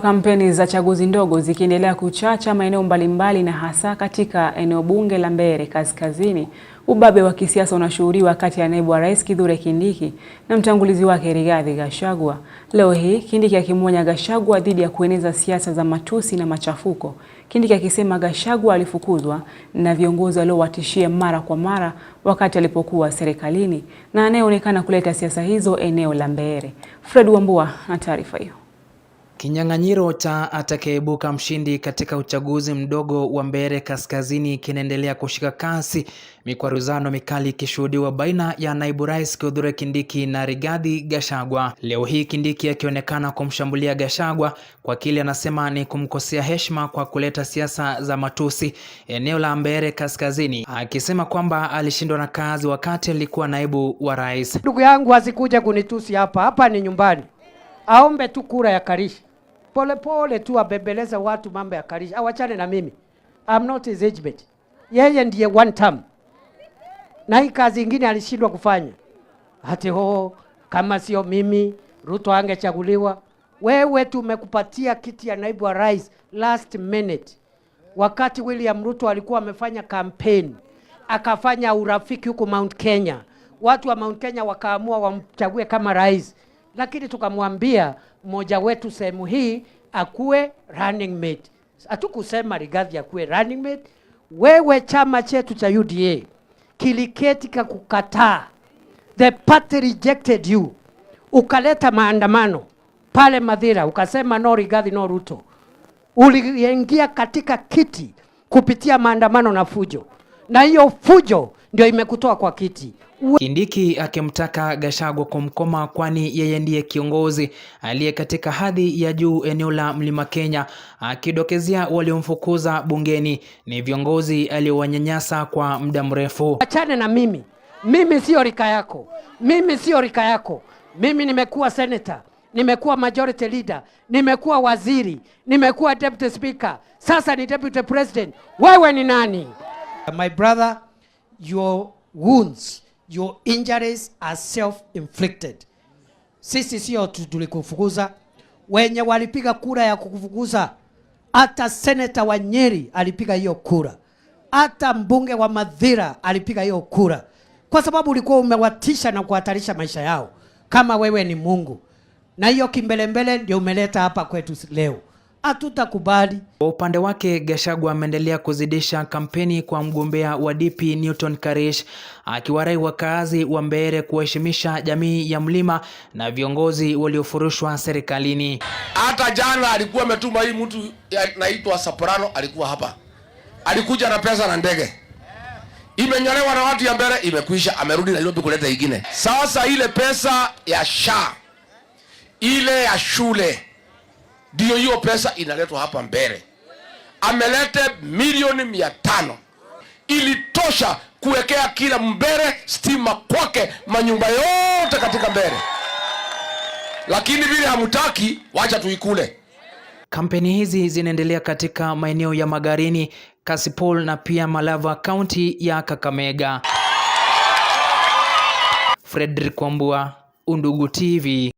Kampeni za chaguzi ndogo zikiendelea kuchacha maeneo mbalimbali na hasa katika eneo bunge la Mbeere Kaskazini, ubabe wa kisiasa unashuhudiwa kati ya naibu wa rais Kithure Kindiki na mtangulizi wake Rigathi Gachagua. Leo hii Kindiki akimwonya Gachagua dhidi ya kueneza siasa za matusi na machafuko, Kindiki akisema Gachagua alifukuzwa na viongozi waliowatishia mara kwa mara wakati alipokuwa serikalini na anayeonekana kuleta siasa hizo eneo la Mbeere. Fred Wambua na taarifa hiyo. Kinyang'anyiro cha atakayeibuka mshindi katika uchaguzi mdogo wa Mbeere Kaskazini kinaendelea kushika kasi, mikwaruzano mikali ikishuhudiwa baina ya naibu rais Kithure Kindiki na Rigathi Gachagua. Leo hii Kindiki akionekana kumshambulia Gachagua kwa kile anasema ni kumkosea heshima kwa kuleta siasa za matusi eneo la Mbeere Kaskazini, akisema kwamba alishindwa na kazi wakati alikuwa naibu wa rais. Ndugu yangu asikuja kunitusi hapa hapa, ni nyumbani, aombe tu kura ya karishi polepole tu abebeleza watu mambo ya karisha. Awachane na mimi, I'm not his age mate. Yeye ndiye one term, na hii kazi ingine alishindwa kufanya. Hati ho oh, kama sio mimi Ruto angechaguliwa. Wewe tumekupatia kiti ya naibu wa rais last minute, wakati William Ruto alikuwa amefanya kampeni, akafanya urafiki huko Mount Kenya. Watu wa Mount Kenya wakaamua wamchague kama rais lakini tukamwambia mmoja wetu sehemu hii akuwe running mate. Hatukusema Rigathi akuwe running mate. Wewe chama chetu cha UDA kiliketi kukataa, the party rejected you, ukaleta maandamano pale madhira ukasema no Rigathi, no Ruto. Uliingia katika kiti kupitia maandamano na fujo, na hiyo fujo ndio imekutoa kwa kiti. Kindiki akimtaka Gachagua kumkoma kwani yeye ndiye kiongozi aliye katika hadhi ya juu eneo la Mlima Kenya, akidokezea waliomfukuza bungeni ni viongozi aliowanyanyasa kwa muda mrefu. Achane na mimi, mimi sio rika yako, mimi sio rika yako. Mimi nimekuwa senator, nimekuwa majority leader, nimekuwa waziri, nimekuwa deputy speaker, sasa ni deputy president. Wewe ni nani? My brother, your wounds your injuries are self-inflicted. Sisi sio tulikufukuza, wenye walipiga kura ya kukufukuza. Hata seneta wa Nyeri alipiga hiyo kura, hata mbunge wa Madhira alipiga hiyo kura, kwa sababu ulikuwa umewatisha na kuhatarisha maisha yao, kama wewe ni Mungu. Na hiyo kimbelembele ndio umeleta hapa kwetu leo hatutakubali. Kwa upande wake, Gachagua ameendelea kuzidisha kampeni kwa mgombea wa DP Newton Karish, akiwarai wakaazi wa Mbeere kuheshimisha jamii ya mlima na viongozi waliofurushwa serikalini. Hata jana alikuwa ametuma hii mtu anaitwa Soprano, alikuwa hapa, alikuja na pesa na ndege imenyolewa na watu ya Mbeere, imekwisha. Amerudi Nairobi kuleta ingine. Sasa ile pesa ya sha ile ya shule ndiyo hiyo pesa inaletwa hapa mbele. Amelete milioni mia tano ilitosha kuwekea kila mbele stima kwake, manyumba yote katika mbele, lakini vile hamtaki, wacha tuikule. Kampeni hizi zinaendelea katika maeneo ya Magarini, Kasipol na pia Malava, kaunti ya Kakamega. Fredrick Kwambua, Undugu TV.